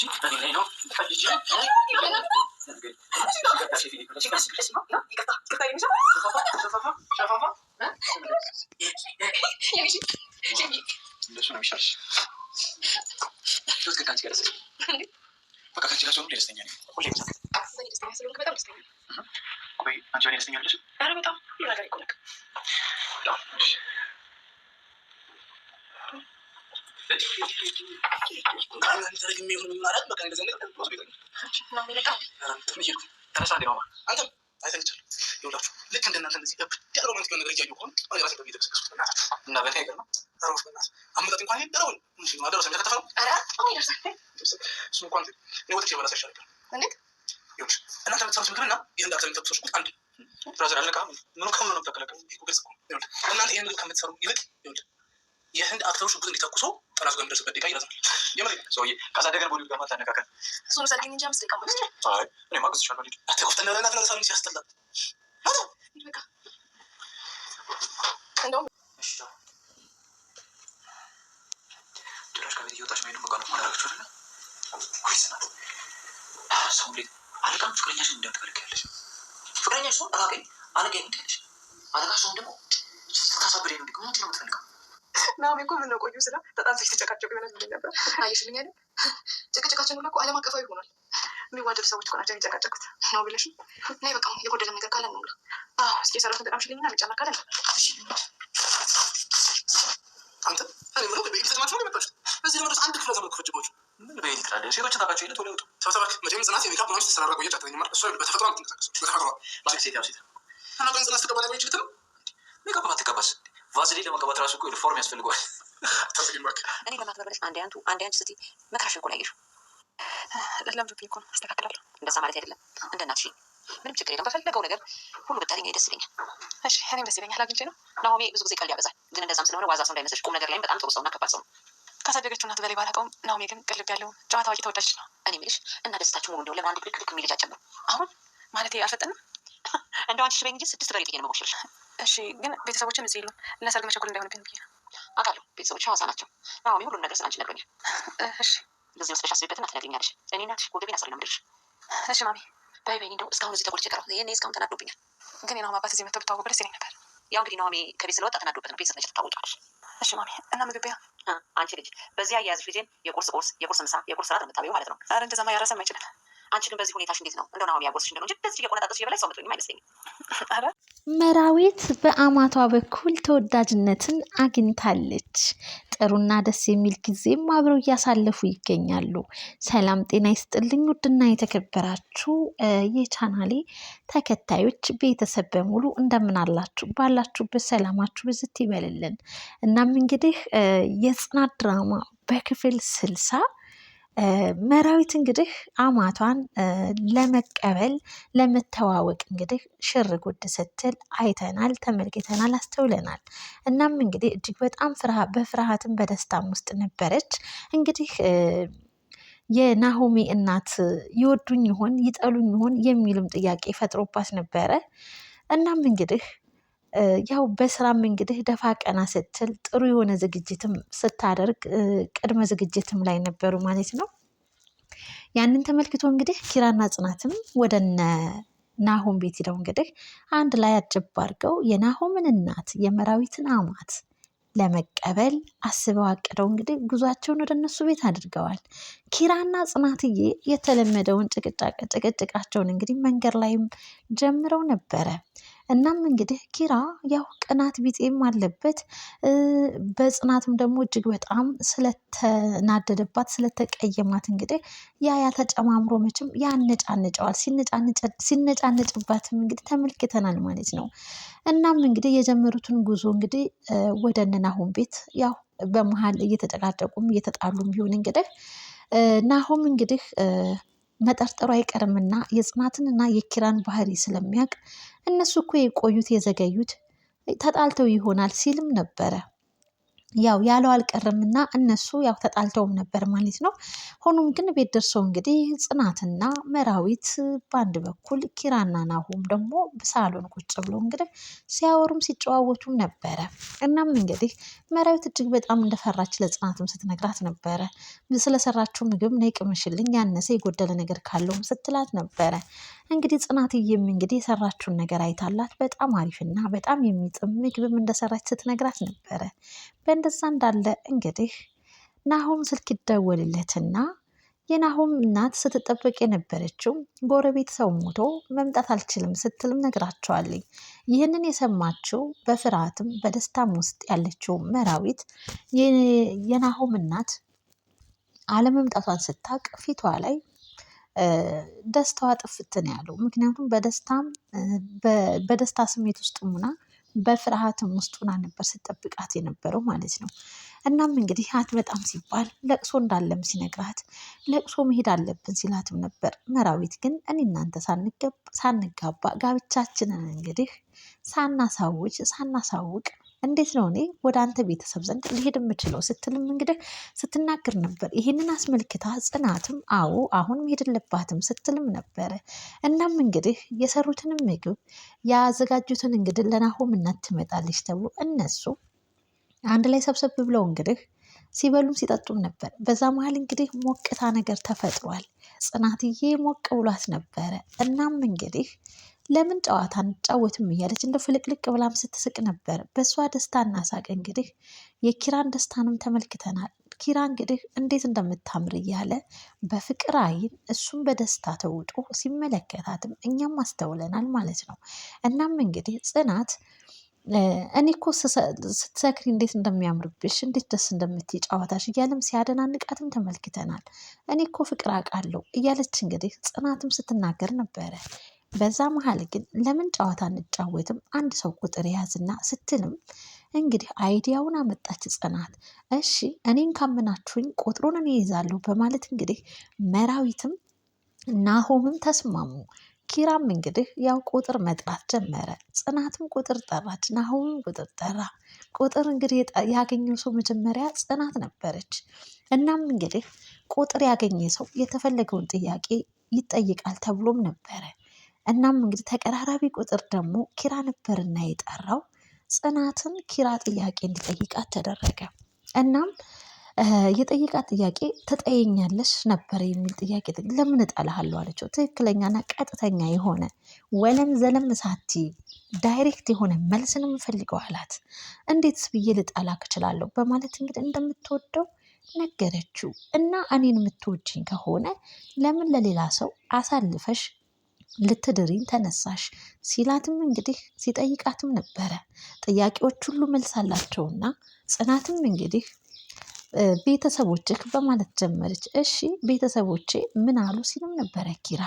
しかし、እንደሱ ነው የሚሻልሽ። ሶስት ከአንቺ ጋር ደስ በቃ ከአንቺ ጋር ሲሆን ደስተኛ ነኝ። ሁሌ ደስተኛ ስለሆንክ በጣም ደስተኛ ነኝ። ቆይ አንቺ በእኔ ደስተኛ አለሽ? ኧረ በጣም ሁሉ ነገር እኮ ነክ በጣም ልክ እናንተ ይህን ምግብ ከምትሰሩ ይልቅ ይኸውልህ የህንድ አክተሮች ሽጉጥ እንዲተኩሰው ጠላት የሚደርስበት ደቂቃ ይረዛል። የምር ሰውዬ ካሳደገን ቦዲ እየወጣች መሄዱ መቃ ሰው እንዴት አለቃም ፍቅረኛሽን አለቃሽ ደግሞ ስታሳብደ ነው ምን ነው የምትፈልገው ናሆም እኮ ምን ነው ቆዩ ስለ ተጣልቶ የተጨቃጨቁ የሆነ ነበር አየሽልኝ አይደል? ጭቅጭቃችን ሁሉ እኮ ዓለም አቀፋዊ ሆኗል። የሚዋደዱ ሰዎች እኮ ናቸው የሚጨቃጨቁት ነው ብለሽ ናይ በቃ የጎደለ ነገር ካለን ነው ብለ እስኪ የሰራት ነገር አምሽልኝና ሚጫማ ካለ አንተ እኔ ነው የመጣችሁት በዚህ ለመድረስ አንድ ክፍለ ዘመን ክፍጭቦች ምን ሰብሰባክ መቼም ጽናት የሜካፕ ምናምን ስትሰራራ ቆየች። አትበኝም አይደል? እሷ በተፈጥሮ በተፈጥሮ ሴት ያው ሴት እና ጽናት ትቀባ ነገሮች ሜካፕ አትቀባስ ቫዝሊን ለመቀባት ራሱ እኮ ዩኒፎርም ያስፈልገዋል። እኔ ለማክበር አንድ አንቱ አንድ አንቺ ስቲ መከራሽን እኮ ላይ ይሹ ለምዶብኝ እኮ ነው። አስተካክላለሁ። እንደዛ ማለት አይደለም። እንደ እናትሽ ምንም ችግር የለም። በፈለገው ነገር ሁሉ ብታገኝ ደስ ይለኛል። እሺ፣ እኔም ደስ ይለኛል። አግኝቼ ነው። ናሆሜ ብዙ ጊዜ ቀልድ ያበዛል፣ ግን እንደዛም ስለሆነ ዋዛ ሰው እንዳይመስልሽ። ቁም ነገር ላይም በጣም ጥሩ ሰውና ከባድ ሰው ነው። ካሳደገችው እናት በላይ ባላውቀውም ናሆሜ ግን ቅልብ ያለው ጨዋ፣ ታዋቂ፣ ተወዳጅ ነው። እኔ የምልሽ እና ደስታችሁ ሙሉ እንደው ለምን አንድ ብልክ ብልክ የሚልጅ አጨምሩ። አሁን ማለት አልፈጠንም። እንደው አንቺ ሽበኝ እንጂ ስድስት በሬ ጥዬ ነው መቦሸልሽ እሺ፣ ግን ቤተሰቦችም እዚህ የሉም። ለሰርግ መቸኮል እንዳይሆንብኝ ብዬ አውቃለሁ። ቤተሰቦች ሐዋሳ ናቸው። ናሆሚ ሁሉን ነገር ስለአንቺ ነግሮኛል። እሺ፣ እንደዚህ ወስደሽ አስቢበትና ትነግሪኛለሽ። እኔ እናትሽ ጎደቤን አሰሪ ነው የምድርሽ። እሺ ማሚ በይ በይ። እንደው እስካሁን እዚህ ተቆልቼ ቀረሁ። ይሄኔ እስካሁን ተናዶብኛል። ግን የናሁም አባት እዚህ መጥተው ብታወቁ ደስ ይለኝ ነበር። ያው እንግዲህ ናሚ ከቤት ስለወጣ ተናዶበት ነው። ቤተሰብ ስለች ትታወቂዋለሽ። እሺ ማሚ እና ምግብ ቤያ አንቺ ልጅ በዚህ አያያዝሽ ጊዜም የቁርስ ቁርስ የቁርስ ምሳ የቁርስ ራት ነው የምታበይው ማለት ነው። አረ እንደዛማ ያረሰም አይችልም አንቺ ግን በዚህ ሁኔታሽ እንዴት ነው እንደው ነው እንደሆነ እንጂ እየቆነጣጠስሽ የበላይ ሰው አይመስለኝም። መራዊት በአማቷ በኩል ተወዳጅነትን አግኝታለች። ጥሩና ደስ የሚል ጊዜም አብረው እያሳለፉ ይገኛሉ። ሰላም ጤና ይስጥልኝ ውድና የተከበራችሁ የቻናሌ ተከታዮች ቤተሰብ በሙሉ እንደምን አላችሁ? ባላችሁበት ሰላማችሁ ብዝት ይበልልን። እናም እንግዲህ የጽናት ድራማ በክፍል ስልሳ መራዊት እንግዲህ አማቷን ለመቀበል ለመተዋወቅ እንግዲህ ሽር ጉድ ስትል አይተናል፣ ተመልክተናል፣ አስተውለናል። እናም እንግዲህ እጅግ በጣም በፍርሃትም በደስታም ውስጥ ነበረች። እንግዲህ የናሆሚ እናት ይወዱኝ ይሆን ይጠሉኝ ይሆን የሚልም ጥያቄ ፈጥሮባት ነበረ። እናም እንግዲህ ያው በስራም እንግዲህ ደፋ ቀና ስትል ጥሩ የሆነ ዝግጅትም ስታደርግ ቅድመ ዝግጅትም ላይ ነበሩ ማለት ነው። ያንን ተመልክቶ እንግዲህ ኪራና ጽናትም ወደ እነ ናሆም ቤት ሄደው እንግዲህ አንድ ላይ አጀብ አድርገው የናሆምን እናት የመራዊትን አማት ለመቀበል አስበው አቅደው እንግዲህ ጉዟቸውን ወደ እነሱ ቤት አድርገዋል። ኪራና ጽናትዬ የተለመደውን ጭቅጭቃቸውን እንግዲህ መንገድ ላይም ጀምረው ነበረ። እናም እንግዲህ ኪራ ያው ቅናት ቢጤም አለበት። በጽናትም ደግሞ እጅግ በጣም ስለተናደደባት ስለተቀየማት እንግዲህ ያ ያ ተጨማምሮ መቼም ያነጫንጨዋል። ሲነጫንጭባትም እንግዲህ ተመልክተናል ማለት ነው። እናም እንግዲህ የጀመሩትን ጉዞ እንግዲህ ወደ እነ ናሆም ቤት ያው በመሀል እየተጨቃጨቁም እየተጣሉም ቢሆን እንግዲህ ናሆም እንግዲህ መጠርጠሩ አይቀርምና የጽናትንና የኪራን ባህሪ ስለሚያውቅ እነሱ እኮ የቆዩት የዘገዩት ተጣልተው ይሆናል ሲልም ነበረ። ያው ያለው እና እነሱ ያው ተጣልተውም ነበር ማለት ነው። ሆኖም ግን ቤት ደርሰው እንግዲህ ጽናትና መራዊት በአንድ በኩል ኪራና ናሁም ደግሞ ሳሎን ቁጭ ብሎ እንግዲህ ሲያወሩም ሲጨዋወቱም ነበረ። እናም እንግዲህ መራዊት እጅግ በጣም እንደፈራች ለጽናትም ስትነግራት ነበረ። ስለሰራችው ምግብ ነይ ቅመሽልኝ፣ ያነሰ የጎደለ ነገር ካለውም ስትላት ነበረ። እንግዲህ ጽናትዬም እንግዲህ የሰራችውን ነገር አይታላት በጣም አሪፍና በጣም የሚጥም ምግብም እንደሰራች ስትነግራት ነበረ። በእንደዛ እንዳለ እንግዲህ ናሆም ስልክ ይደወልለትና የናሆም እናት ስትጠበቅ የነበረችው ጎረቤት ሰው ሞቶ መምጣት አልችልም ስትልም ነግራቸዋለኝ። ይህንን የሰማችው በፍርሃትም በደስታም ውስጥ ያለችው መራዊት የናሆም እናት አለመምጣቷን ስታቅ ፊቷ ላይ ደስታዋ ጥፍትን ያለው ምክንያቱም በደስታም በደስታ ስሜት ውስጥ ሙና በፍርሃትም ውስጥ ሆና ነበር ስጠብቃት የነበረው ማለት ነው። እናም እንግዲህ አትመጣም ሲባል ለቅሶ እንዳለም ሲነግራት ለቅሶ መሄድ አለብን ሲላትም ነበር። መራዊት ግን እኔ እናንተ ሳንጋባ ጋብቻችንን እንግዲህ ሳናሳውጭ ሳናሳውቅ እንዴት ነው እኔ ወደ አንተ ቤተሰብ ዘንድ ሊሄድ የምችለው ስትልም እንግዲህ ስትናገር ነበር። ይህንን አስመልክታ ጽናትም አዎ አሁን መሄድ የለባትም ስትልም ነበረ። እናም እንግዲህ የሰሩትንም ምግብ ያዘጋጁትን እንግዲህ ለናሆም እናት ትመጣለች ተብሎ እነሱ አንድ ላይ ሰብሰብ ብለው እንግዲህ ሲበሉም ሲጠጡም ነበር። በዛ መሀል እንግዲህ ሞቅታ ነገር ተፈጥሯል። ጽናትዬ ሞቅ ብሏት ነበረ። እናም እንግዲህ ለምን ጨዋታ አንጫወትም እያለች እንደ ፍልቅልቅ ብላም ስትስቅ ነበር። በእሷ ደስታ ሳቅ እንግዲህ የኪራን ደስታንም ተመልክተናል። ኪራ እንግዲህ እንዴት እንደምታምር እያለ በፍቅር አይን እሱም በደስታ ተውጦ ሲመለከታትም እኛም አስተውለናል ማለት ነው። እናም እንግዲህ ጽናት እኔ እኮ ስትሰክሪ እንዴት እንደሚያምርብሽ እንዴት ደስ እንደምትይ ጨዋታሽ እያለም ሲያደናንቃትም ተመልክተናል። እኔ እኮ ፍቅር አውቃለሁ እያለች እንግዲህ ጽናትም ስትናገር ነበረ። በዛ መሃል ግን ለምን ጨዋታ አንጫወትም አንድ ሰው ቁጥር ያዝና ስትልም እንግዲህ አይዲያውን አመጣች ጽናት። እሺ እኔን ካምናችሁኝ ቁጥሩን እኔ ይዛለሁ በማለት እንግዲህ መራዊትም ናሆምም ተስማሙ። ኪራም እንግዲህ ያው ቁጥር መጥራት ጀመረ። ጽናትም ቁጥር ጠራች፣ ናሆምም ቁጥር ጠራ። ቁጥር እንግዲህ ያገኘው ሰው መጀመሪያ ጽናት ነበረች። እናም እንግዲህ ቁጥር ያገኘ ሰው የተፈለገውን ጥያቄ ይጠይቃል ተብሎም ነበረ። እናም እንግዲህ ተቀራራቢ ቁጥር ደግሞ ኪራ ነበርና የጠራው ጽናትን ኪራ ጥያቄ እንዲጠይቃት ተደረገ። እናም የጠይቃት ጥያቄ ትጠይኛለሽ ነበር የሚል ጥያቄ ለምን እጠልሃለሁ አለችው። ትክክለኛና ቀጥተኛ የሆነ ወለም ዘለም ሳቲ ዳይሬክት የሆነ መልስን የምፈልገው አላት። እንዴትስ ብዬ ልጠላክ እችላለሁ? በማለት እንግዲህ እንደምትወደው ነገረችው እና እኔን የምትወጅኝ ከሆነ ለምን ለሌላ ሰው አሳልፈሽ ልትድሪኝ ተነሳሽ ሲላትም እንግዲህ ሲጠይቃትም ነበረ። ጥያቄዎች ሁሉ መልስ አላቸውና ጽናትም እንግዲህ ቤተሰቦችህ በማለት ጀመረች። እሺ ቤተሰቦቼ ምን አሉ ሲልም ነበረ ኪራ።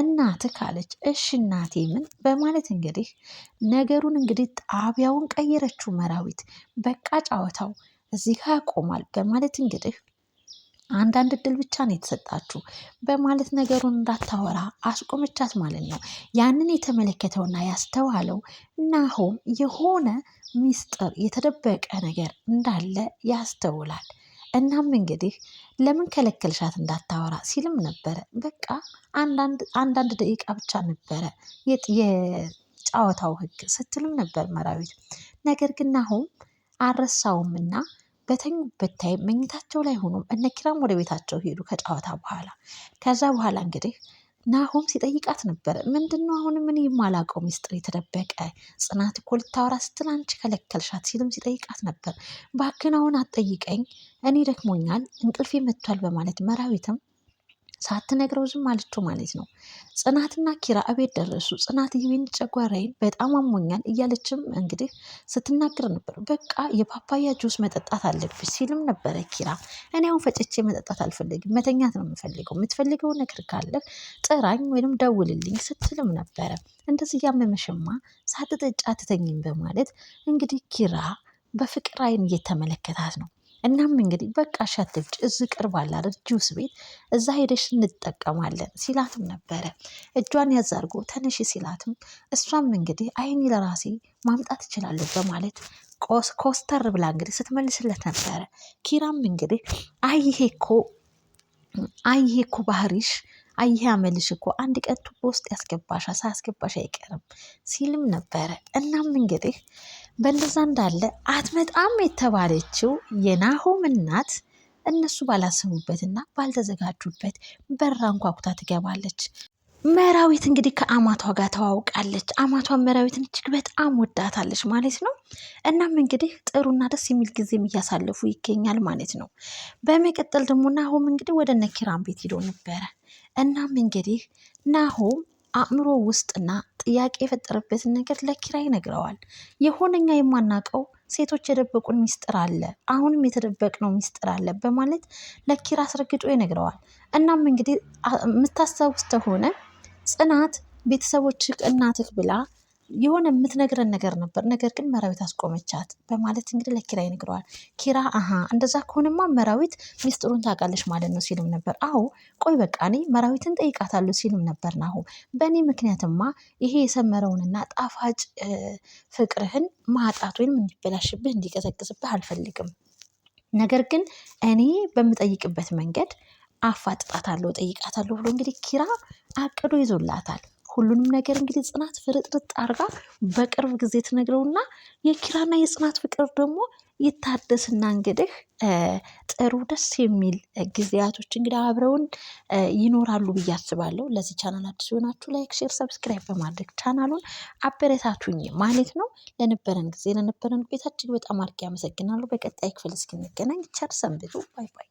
እናትህ አለች። እሺ እናቴ ምን በማለት እንግዲህ ነገሩን እንግዲህ ጣቢያውን ቀየረችው መራዊት። በቃ ጫወታው እዚህ ጋር ያቆማል በማለት እንግዲህ አንዳንድ እድል ብቻ ነው የተሰጣችሁ በማለት ነገሩን እንዳታወራ አስቆመቻት ማለት ነው። ያንን የተመለከተውና ያስተዋለው ናሆም የሆነ ሚስጥር የተደበቀ ነገር እንዳለ ያስተውላል። እናም እንግዲህ ለምን ከለከልሻት እንዳታወራ ሲልም ነበረ። በቃ አንዳንድ ደቂቃ ብቻ ነበረ የጨዋታው ህግ ስትልም ነበር መራዊት። ነገር ግን ናሆም እና። በተኙበት ታይም መኝታቸው ላይ ሆኖም እነ ኪራም ወደ ቤታቸው ሄዱ ከጨዋታ በኋላ። ከዛ በኋላ እንግዲህ ናሆም ሲጠይቃት ነበር። ምንድነው አሁን ምን የማላውቀው ሚስጥር የተደበቀ ጽናት እኮ ልታወራ ስትል አንቺ ከለከልሻት ሲልም ሲጠይቃት ነበር። አሁን አትጠይቀኝ እኔ ደክሞኛል፣ እንቅልፌ መጥቷል በማለት መራዊትም ሳትነግረው ዝም አለችው ማለት ነው። ጽናትና ኪራ እቤት ደረሱ። ጽናት ይህን ጨጓራዬን በጣም አሞኛል እያለችም እንግዲህ ስትናገር ነበር። በቃ የፓፓያ ጁስ መጠጣት አለብሽ ሲልም ነበረ ኪራ። እኔ አሁን ፈጭቼ መጠጣት አልፈልግም፣ መተኛት ነው የምፈልገው። የምትፈልገው ነገር ካለ ጥራኝ ወይም ደውልልኝ ስትልም ነበረ። እንደዚህ እያመመሽማ ሳትጠጪ አትተኝም በማለት እንግዲህ ኪራ በፍቅር አይን እየተመለከታት ነው። እናም እንግዲህ በቃ አትፍጭ እዚህ ቅርብ አለ አይደል ጁስ ቤት እዛ ሄደሽ እንጠቀማለን ሲላትም ነበረ። እጇን ያዛርጎ አድርጎ ሲላትም እሷም እንግዲህ አይ ለራሴ ማምጣት እችላለሁ በማለት ኮስተር ብላ እንግዲህ ስትመልስለት ነበረ። ኪራም እንግዲህ አይ ይሄ እኮ አይ እኮ ባህሪሽ አይ አመልሽ እኮ አንድ ቀን ቱቦ ውስጥ ያስገባሻል ሳያስገባሽ አይቀርም ሲልም ነበረ። እናም እንግዲህ በእንደዛ እንዳለ አትመጣም የተባለችው የናሆም እናት እነሱ እና ባልተዘጋጁበት በራ አንኳኩታ ትገባለች። መራዊት እንግዲህ ከአማቷ ጋር ተዋውቃለች። አማቷ መራዊትን እጅግ በጣም ወዳታለች ማለት ነው። እናም እንግዲህ ጥሩና ደስ የሚል ጊዜም እያሳለፉ ይገኛል ማለት ነው። በመቀጠል ደግሞ ናሆም እንግዲህ ወደ ነኪራም ቤት ሄዶ ነበረ። እናም እንግዲህ ናሆም አእምሮ ውስጥና ጥያቄ የፈጠረበትን ነገር ለኪራ ይነግረዋል። የሆነኛ የማናውቀው ሴቶች የደበቁን ሚስጥር አለ፣ አሁንም የተደበቅነው ሚስጥር አለ በማለት ለኪራ አስረግጦ ይነግረዋል። እናም እንግዲህ የምታስታውስ ከሆነ ጽናት ቤተሰቦችህ እናትህ ብላ የሆነ የምትነግረን ነገር ነበር። ነገር ግን መራዊት አስቆመቻት በማለት እንግዲህ ለኪራ ይነግረዋል። ኪራ አሀ እንደዛ ከሆነማ መራዊት ሚስጥሩን ታውቃለች ማለት ነው ሲልም ነበር። አዎ ቆይ በቃ እኔ መራዊትን ጠይቃታለሁ ሲልም ነበር ናሁ። በእኔ ምክንያትማ ይሄ የሰመረውንና ጣፋጭ ፍቅርህን ማጣት ወይም እንዲበላሽብህ እንዲቀዘቅዝብህ አልፈልግም። ነገር ግን እኔ በምጠይቅበት መንገድ አፋጥጣታለሁ፣ ጠይቃታለሁ ብሎ እንግዲህ ኪራ አቅዶ ይዞላታል። ሁሉንም ነገር እንግዲህ ጽናት ፍርጥርጥ አርጋ በቅርብ ጊዜ ትነግረውና የኪራና የጽናት ፍቅር ደግሞ ይታደስና እንግዲህ ጥሩ ደስ የሚል ጊዜያቶች እንግዲህ አብረውን ይኖራሉ ብዬ አስባለሁ። ለዚህ ቻናል አዲስ የሆናችሁ ላይክ፣ ሼር፣ ሰብስክራይብ በማድረግ ቻናሉን አበረታቱኝ ማለት ነው። ለነበረን ጊዜ ለነበረን ቆይታ እጅግ በጣም አድርጌ አመሰግናለሁ። በቀጣይ ክፍል እስክንገናኝ ቸር ሰንብቱ። ባይ ባይ።